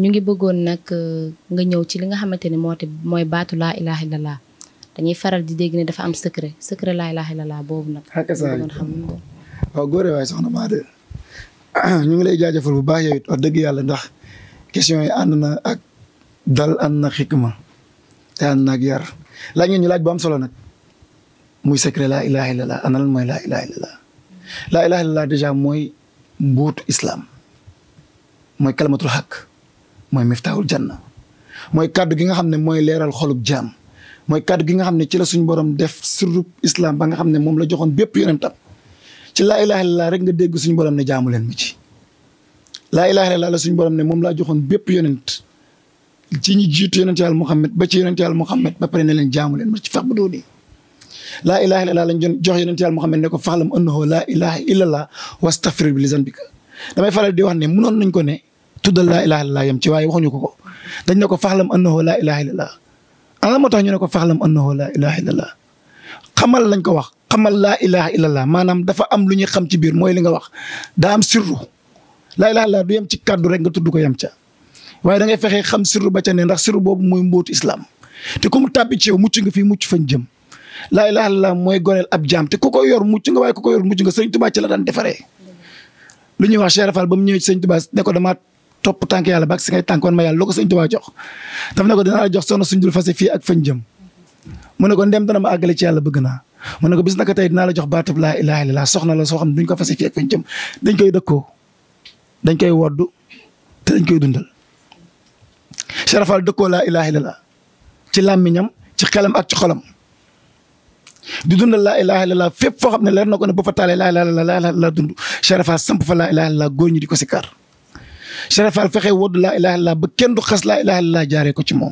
ñu ngi bëggoon nag euh, nga ñëw ci li nga xamante ne moo te mooy baatu laa ilaha illallah dañuy faral di dégg ne dafa am secret secret laa ilaha illallah boobu nag. ak xam waaw ñu ngi lay jaajëfal bu baax yow it dëgg yàlla ndax question yi ànd na ak dal ànd na yar laaj ngeen laaj solo nag muy secret laa ilaha mooy laa ilaha illallah laa ilaha mooy mbuutu islam. mooy kalamatul xaq mooy miftaahul janna mooy kàddu gi nga xam ne mooy leeral xolub jaam mooy kàddu gi nga xam ne ci la suñu borom def surub islaam ba nga xam ne moom la joxoon bépp yonentam ci laa ilaha illallah rek nga dégg suñu borom ne jaamu leen ma ci laa ilaha illallah la suñu ne moom laa joxoon bépp yonent ci ñi jiitu yonent yàlla Muhammad ba ci yonent yàlla Muhammad ba pare ne leen jaamu leen ma ci fax ba doonii laa ilaha illallah lañ jox yonent yàlla Muhammad ne ko faxlam annahu laa ilaha illallah wastaghfir bi li zanbika damay faral di wax ne munoon nañ ko ne tuddal la ilaha illallah yam ci waaye waxuñu ko ko dañ ne ko faxlam annahu laa ilaha illallah ana moo tax ñu ne ko faxlam annahu laa ilaha illallah xamal lañ ko wax xamal la ilaha maanaam dafa am lu ñuy xam ci biir mooy li nga wax daa am sirru laa ilaha du yem ci kàddu rek nga tudd ko yem ca waaye da ngay fexee xam sirru ba ca ne ndax sirru boobu mooy mbóotu islaam te ku mu tàbbi ci mucc nga fii mucc fañ jëm laa ilaha illallah mooy goreel ab jaam te ku ko yor mucc nga waaye ku ko yor mucc nga sëñ Tuubaa ci la daan defaree lu ñuy wax Cheikh Rafal ba mu ñëwee ci sëñ Tuubaa ne topp tànk yàlla ba si ngay tànkoon ma yàlla loo ko sëñ Tuubaa jox daf ko dina la jox soxna suñ dul fase fii ak fañ jëm mu ne ko ndem dana ma àggale ci yàlla bëgg naa mu ne ko bis naka tey dinaa la jox laa ilaaha illallaah soxna la soo ko fase fii ak fañ jëm dañ koy dëkkoo koy woddu te dañ koy dundal Sharafal dëkkoo laa ilaaha illallaah ci làmmiñam ci xelam ak ci xolam di dundal laa ilaaha foo xam ne leer na ko ne bu fa taalee laa ilaaha la dund Sharafal samp fa laa ilaaha illallaah góor ñi di ko si kar Cheikh Fall fexe wodd laa ilaha illallah ba kenn du xas laa ilaha laa jaare ko ci moom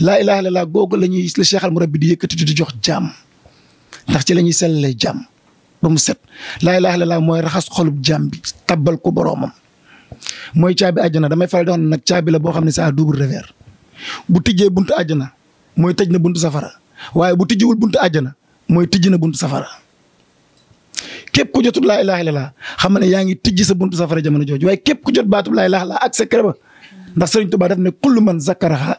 laa ilaha laa googu la ñuy la Cheikh bi Murabbi di yëkkati di jox jàmm ndax ci lañuy ñuy sellalee jàmm ba mu set laa ilaha illallah mooy raxas xolub jàmm bi tabbal ko boroomam mooy caabi àjjana damay faral di wax ne nag caabi la boo xam ne saa à double revers bu tijjee buntu àjjana mooy tëj na buntu safara waaye bu tijjiwul buntu àjjana mooy tijji na buntu safara. képp ku jotul laa ilaaha illallah xam ne yaa ngi tijji sa buntu safara jamono jooju waaye képp ku jot baatub laa ilaaha illallah ak sa kër ba ndax Sëriñ Tuubaa daf ne kullu man zakaraha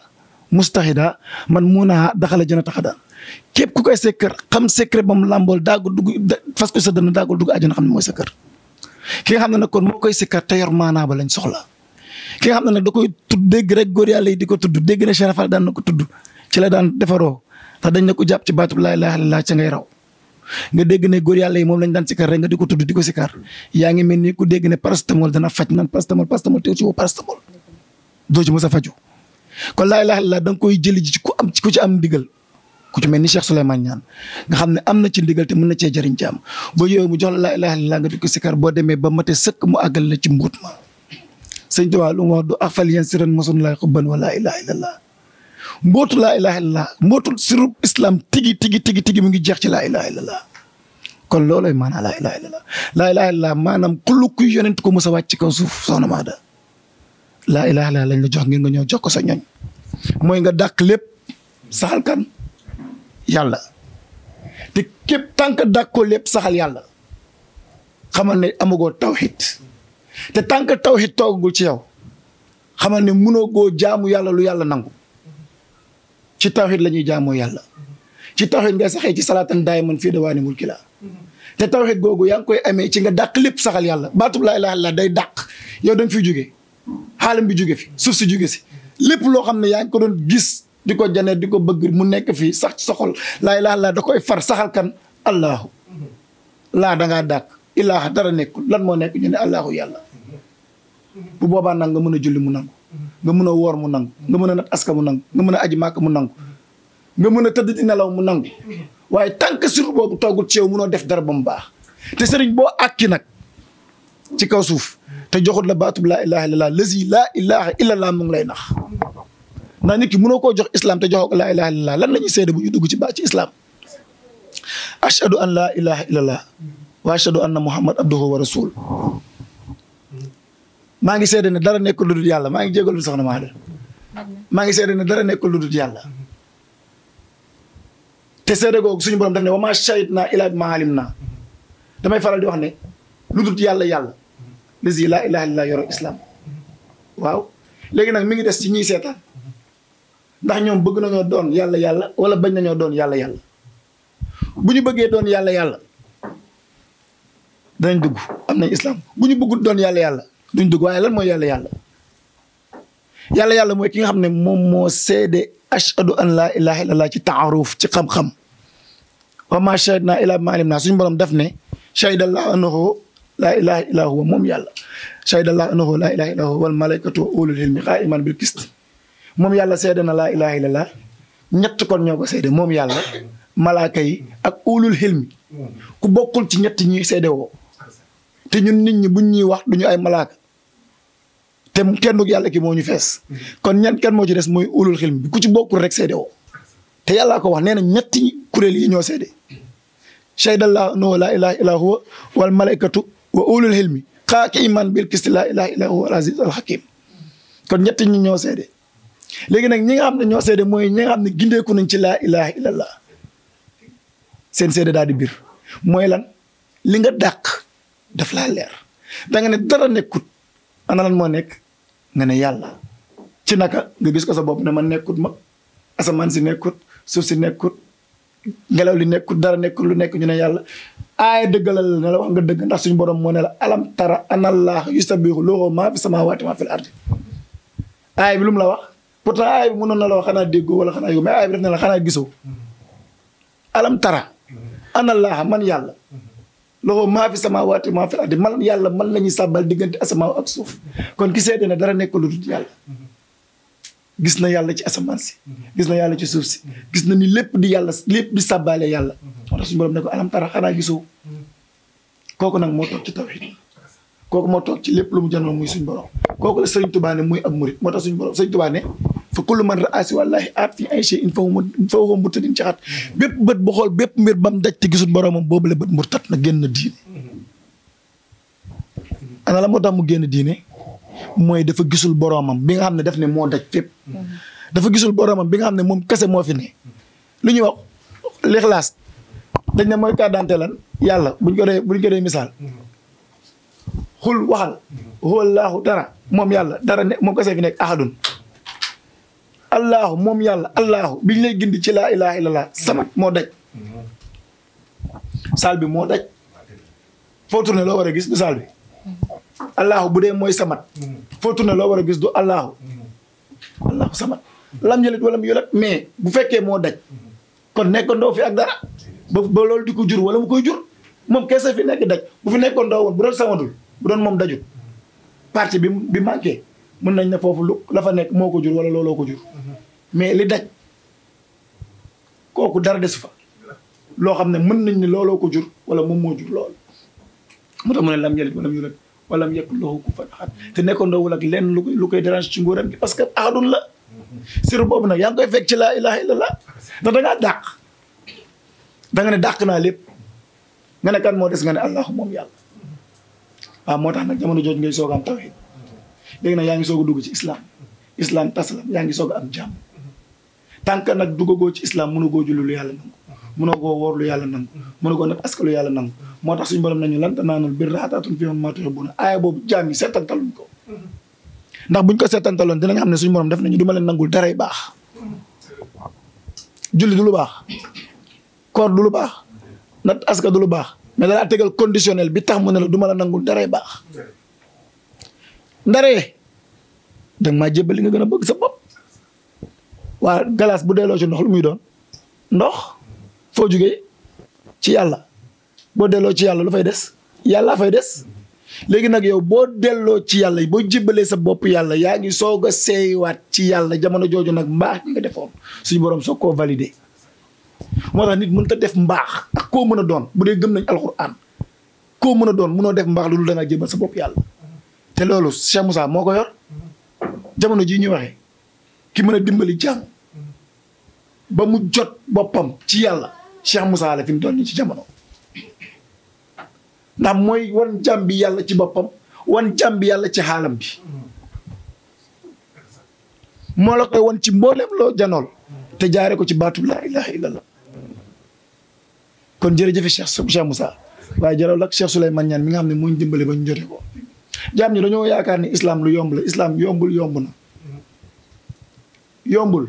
mustahida man muunaha daxala jannata xadan képp ku koy secret xam secret ba mu làmbool daagul dugg fas ko sa dënn daagul dugg àjjana xam ne mooy sa kër ki xam ne nag kon moo koy secret te yor maanaa ba lañ soxla ki xam ne nag da koy tudd dégg rek góor yàlla yi di ko tudd dégg na Cheikh Rafal daan na ko tudd ci la daan defaroo ndax dañ ne ko jàpp ci baatub laa ilaaha illallah ca ngay raw nga dégg ne góor yàlla yi moom lañ daan sikar rek nga di ko tudd di ko sikar yaa ngi mel ni ku dégg ne paracétamol dana faj naan paracétamol paracétamol teew ci woo paracétamol doo ci mos a faju kon laa ilaaha illallaah nga koy jëli ji ci ku am ci ku ci am ndigal ku ci mel ni Cheikh Souleymane Niane nga xam ne am na ci ndigal te mën na cee jëriñ ci am ba yooyu mu jox la laa ilaaha nga di ko boo demee ba mate sëkk mu àggal la ci mbuut ma sëñ Tuubaa lu mu wax du axfal yan siran mosun laay xubban laa mbootu laa ilaha illallah mbootu sirub islam tigi tigi tigi tigi mu ngi jeex ci laa ilaha illallah kon loolooy maanaa laa ilaha illallah laa ilaha illallah maanaam kullu yonent ko mos a wàcc ci kaw suuf soxna Maada laa ilaha illallah lañ la jox ngir nga ñëw jox ko sa ñoñ mooy nga dàq lépp saxal kan yàlla te képp tànk dàq ko lépp saxal yàlla xamal ne amagoo tawhid te tànk tawhid toogagul ci yow xamal ne munoo goo jaamu yàlla lu yàlla nangu ci tawhid la ñuy yalla ci tawhid nga saxé ci salatan daayiman fi dawani mulkila té tawhid gogou yang koy amé ci nga dak, lepp saxal yalla baatub la ilaha illallah day dak yow dañ fi juggé xalam bi juggé fi suuf ci juggé ci lepp lo xamné ne ko doon gis di ko diko di ko bëgg mu nekk fi sax ci soxol la ilaha illallah da koy far saxal kan allahu la nga dak ilaha dara nekk lan mo nekk ñu allahu yalla bu boba nang nga mëna julli mu nang nga mën a woor mu nangu nga mën a nat aska mu nangu nga mën a aji màkk mu nangu nga mën a tëdd di nelaw mu nangu waaye tànk sur boobu toogul ci yow a def dara ba baax te sëriñ boo àkki nag ci kaw suuf te joxut la baatub laa la illallah lazi laa ilaha illallah lay nax ndax nit ki mënoo koo jox islam te joxoo ko laa lan la ñuy seede bu ñu dugg ci baa ci islam ashhadu an laa ilaha illallah wa ashhadu anna muhammad abduhu wa rasul maa ngi seede ne dara nekkul lu dul yàlla maa ngi jégalu soxna Maada maa ngi seede ne dara nekkul lu dul yàlla te seede googu suñu borom daf ne wa maa shahid naa ilaa bi maa naa damay faral di wax ne lu dul yàlla yàlla lisi laa ilaha illallah yoro islaam waaw léegi nag mi ngi des ci ñiy seetaan ndax ñoom bëgg nañoo doon yàlla yàlla wala bañ nañoo doon yàlla yàlla bu ñu bëggee doon yàlla yàlla danañ dugg am nañ islam bu ñu bëggul doon yàlla yàlla duñ dugg waaye lan mooy yàlla yàlla yàlla mooy ki nga xam ne moom moo seede ashadu an laa ilaha illallah ci taaruf ci xam-xam wa ma shahidna illa ma alimna suñu borom def ne shahida allah annahu laa yàlla shahida allah annahu laa ilaha illa huwa wal malaikatu wa ulul ilmi qaiman bil qist moom yàlla seede na laa ilaha illallah ñett kon ñoo ko seede moom yàlla malaaka ak ulul xilmi ku bokkul ci ñett ñuy seede woo te nit ñi buñ ñuy wax duñu ay malaaka te kenn du yàlla ki moo ñu fees. kon ñan kenn moo ci des mooy ulul xilm ku ci bokkul rek seede oo te yàllaa ko wax nee na ñetti kuréel yi ñoo seede. shaydallah no la ilaha illa huwa wal malaikatu wa ulul xilmi xaaki iman bil kisti la ilaha illa huwa al kon ñetti ñi ñoo seede léegi nag ñi nga xam ne ñoo seede mooy ñi nga xam ne gindeeku nañ ci laa seen seede daal di biir mooy lan li nga dàq daf laa leer da nga ne dara nekkut ana lan moo nekk nga ne yàlla ci naka nga gis ko sa bopp ne man nekkut ma asamaan si nekkut suuf si nekkut ngelaw li nekkut dara nekkut lu nekk ñu ne yàlla aaya dëggalal ne la wax nga dëgg ndax suñu borom moo ne la alam tara anallah yusabihu lahu ma fi samawati ma fil ardi aaya bi lu la wax pourtant aaya bi mënoon na la wax xanaa déggoo wala xanaa yow mais aaya bi def na la xanaa gisoo alam tara anallah man yàlla loxo maa fi wat maa fi addi man yàlla man la ñuy sàbbal diggante ak suuf kon ki seede na dara nekk lu dut yàlla gis na yàlla ci asamaan si gis na yàlla ci suuf si gis na ni lépp di yàlla lépp di sàbbaale yàlla moo tax suñu borom ne alam tara xanaa gisoo kooku nag moo toog ci tawhid kooku moo toog ci lépp lu mu jënoo muy suñu borom kooku la sëriñ Tuubaa ne muy ab murit moo tax suñu borom sëriñ ne fa kullu man raasi wallahi aat fi ay shay in fa huwa murtadin caxat bépp bët bu xool bépp mbir bam daj te gisul boromam boobu la bët murtat na génn diine ana la moo tax mu génn diine mooy dafa gisul boromam bi nga xam ne daf ne moo daj fépp dafa gisul boromam bi nga xam ne moom kese moo fi ne lu ñuy wax lixlaas dañ ne mooy carte d'identité lan yàlla buñ ko dee buñ ko dee misaal xul waxal xul laaxu dara moom yàlla dara ne moom kese fi nekk axadun allahu moom yàlla allahu biñ lay gindi ci laa ilaha laa samat moo daj saal bi moo daj foo tourné loo war a gis du saal bi allahu bu dee mooy samat foo tourné loo war a gis du allahu allahu samat lam yëlet wala mu yëlet mais bu fekkee moo daj kon nekkoon doo fi ak dara ba ba di ko jur wala mu koy jur moom kese fi nekk daj bu fi nekkoon doo woon bu doon samatul bu doon moom dajul parti bi bi manqué mën nañ ne foofu lu la fa nekk moo ko jur wala looloo ko jur mais li daj kooku dara des fa loo xam ne mën nañ ne looloo ko jur wala moom moo jur loolu mu tax mu ne lam yelit walam yulat walam yekk loxo ku fa axat te ak lenn lu lu koy dérange ci nguuram gi parce que axadun la siru boobu nag yaa ngi koy fekk ci laa ilaha illallah ndax dangaa dàq da nga ne dàq naa lépp nga moo des nga ne allahu moom yàlla ah, moo tax nag jamono jooju ngay soogaam tawhid léegi nag yaa ngi soog dugg ci islam islam taslam yaa ngi soog a am jàmm tant que nag duggagoo ci islaam mënagoo julli lu yàlla nangu mënagoo woor lu yàlla nangu mënagoo nag askan lu yàlla nangu moo tax suñu borom nañu lan tanaanal bir raataatun fi maa tuhibbuuna boobu jaam yi seetantaluñ ko ndax buñ ko seetantaloon dinañ xam ne suñ borom def nañu du ma leen nangul daray baax julli du lu baax koor du lu baax nat aska du lu baax mais dalaa tegal conditionnel bi tax mu ne la du ma la nangul daray baax ndaree dang ma jébbal li nga gëna bëgg sa bop wa glace bu delloo ci ya ndox ya ya, lu muy doon ndox fo jugee ci yalla bo delloo ci yalla lu fay dess yalla fay dess légui nak yow bo delloo ci yalla bo jébbalee sa bop yalla yaa ngi soog a ci yalla jamono joju nak mbax nga defoon suñu borom soko validé mo tax nit mën ta def mbax ak ko mëna doon bu dee gëm nañ alcorane ko mëna doon mëno def mbaax loolu da nga jébal sa bop yalla te loolu Cheikh Moussa moo ko yor jamono jii ñuy waxee ki mën a dimbali jàmm ba mu jot boppam ci yàlla Cheikh Moussa la fi mu doon ci jamono ndax mooy wan jàmm bi yàlla ci boppam wan jàmm bi yàlla ci xaalam bi moo la koy wan ci mboolem loo janool te jaare ko ci baatu laa ilaha illallah kon jërëjëf Cheikh Cheikh Moussa waaye jaral ak Cheikh Souleymane Niane mi nga xam ne moo dimbali ba ñu jotee ko. jaam ñi dañoo yaakaar ni islam lu yomb la islam yombul yomb na yombul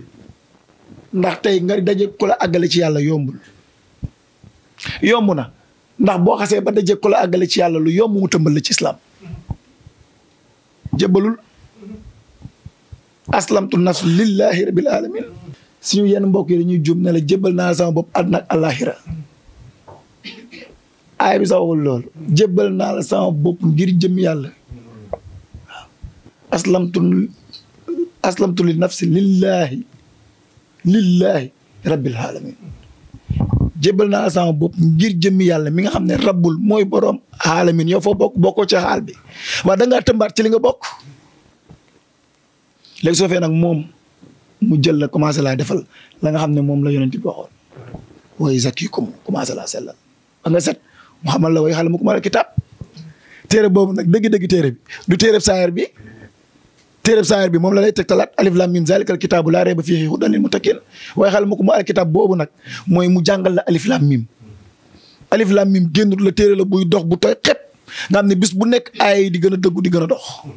ndax tey nga daje ku la àggale ci yàlla yombul yomb na ndax boo xasee ba daje ku la àggale ci yàlla lu yomb mu tëmbal la ci islam jëbalul aslamtu nafs lillahi rabbil alamin suñu yenn mbokk yi dañuy jum ne la jëbal naa sama bopp àddina ak àllaaxira aay bi naa la sama bopp ngir jëm yàlla aslamtu aslamtu li nafsi lillahi lillahi rabbil alamin jébbal naa sama bopp ngir jëmmi yàlla mi nga xam ne rabbul mooy borom alamin yow foo bokk bokkoo ci xaal bi waaye da ngaa ci li nga bokk léegi soo fee nag moom mu jël la commencé laa defal la nga xam ne moom la yonent bi waxoon way zakkikum commencé laa sellal ba nga set mu xamal la way xale mu kumal kitaab téere boobu nag dëgg-dëgg téere bi du téere saayar bi تيرب ساير بي موم لا لاي تكتلات الف لام ميم ذلك الكتاب لا ريب فيه هدى للمتقين واي خال مكو مو الكتاب بوبو نك موي مو جانغال الف لام ميم الف لام ميم گندو لا تيرلا بوي دوخ بو توي خيب نام ني بيس بو نيك اي دي گنا دغو دي گنا دوخ